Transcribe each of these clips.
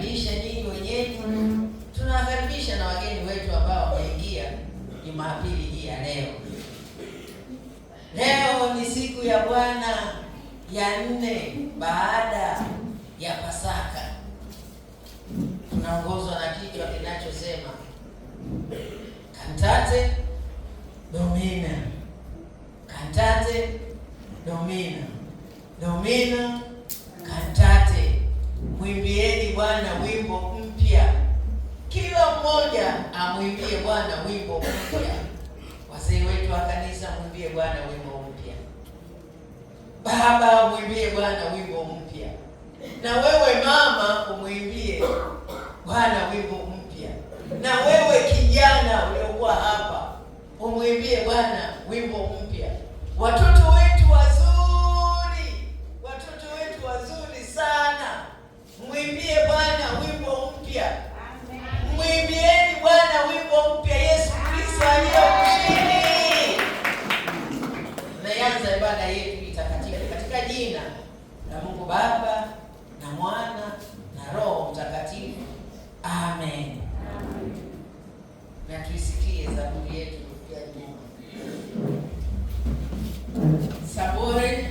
mnajikaribisha nyinyi wenyeji, mm. tunawakaribisha na wageni wetu ambao wameingia Jumapili hii ya leo. Leo ni siku ya Bwana ya nne baada ya Pasaka. Tunaongozwa na kichwa kinachosema Cantate Domina, Cantate Domina, Domina Bwana wimbo mpya, kila mmoja amwimbie Bwana wimbo mpya. Wazee wetu wa kanisa, mwimbie Bwana wimbo mpya. Baba, mwimbie Bwana wimbo mpya, na wewe mama, umwimbie Bwana wimbo mpya na ibada yetu itakatifu katika jina la Mungu Baba na Mwana na Roho Mtakatifu. Amen. Na tuisikie zaburi yetu ya Mungu. Zaburi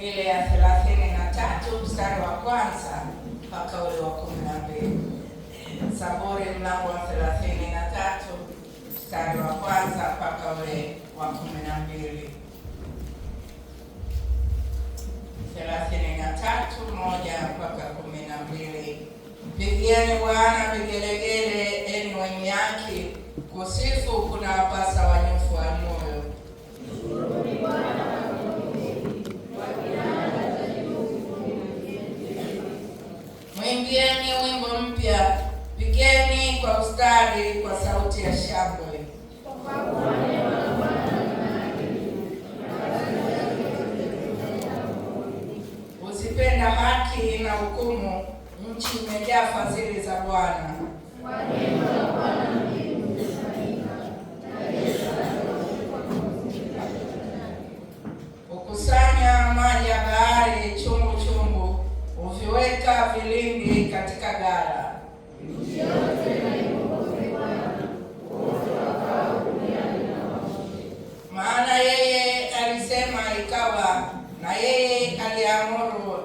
ile ya thelathini na tatu mstari wa kwanza mpaka ule wa kumi na mbili. Zaburi mlango wa thelathini na tatu mstari wa Mmenajili thelathini na tatu moja mpaka kumi na mbili. Pigieni Bwana vigelegele, enyi wenye haki, kusifu kuna wapasa wanyofu wa moyo. Mwimbieni wimbo mpya, pigeni kwa ustadi, kwa sauti ya shangwe. haki na hukumu, nchi imejaa fadhili za Bwana.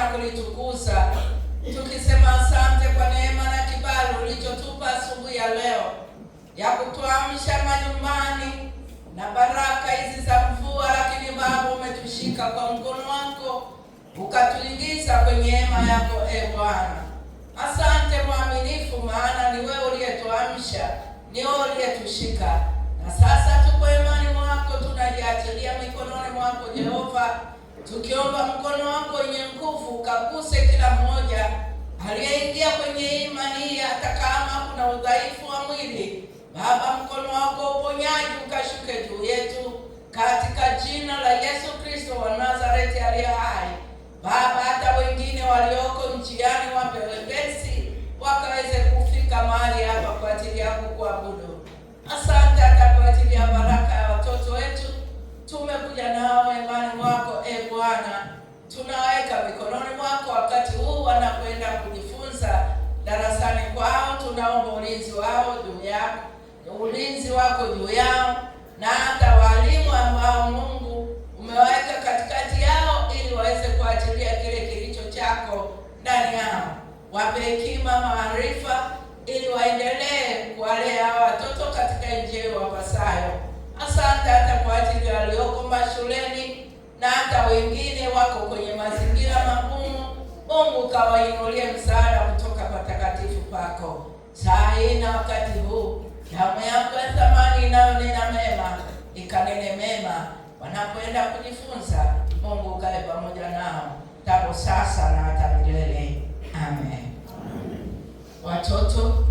na kulitukuza, tukisema asante kwa neema na kibali ulichotupa asubuhi ya leo ya kutuamsha majumbani na baraka hizi za mvua. Lakini Baba, umetushika kwa mkono wako ukatuingiza kwenye hema yako, e Bwana. Asante mwaminifu, maana ni wewe uliyetuamsha, ni wewe uliyetushika, na sasa tuko aliyeingia kwenye imani hii, hata kama kuna udhaifu wa mwili. Baba, mkono wako uponyaji ukashuke juu yetu katika jina la Yesu Kristo wa Nazareti aliye tunaomba ulinzi wao juu yao, ulinzi wako juu yao, na hata walimu ambao Mungu umeweka katikati yao ili waweze kuachilia kile kilicho chako ndani yao. Wape hekima, maarifa ili waendelee kuwalea hawa watoto katika njia wapasayo. Asante hata kwa ajili ya walioko mashuleni na hata wengine wako kwenye mazingira magumu. Mungu kawainulie msaada kutoka patakatifu pako saa hii na wakati huu, damu yako ya thamani inayonena mema ikanene mema wanapoenda kujifunza. Mungu ukae pamoja nao tangu sasa na hata milele. Amen, amen. Watoto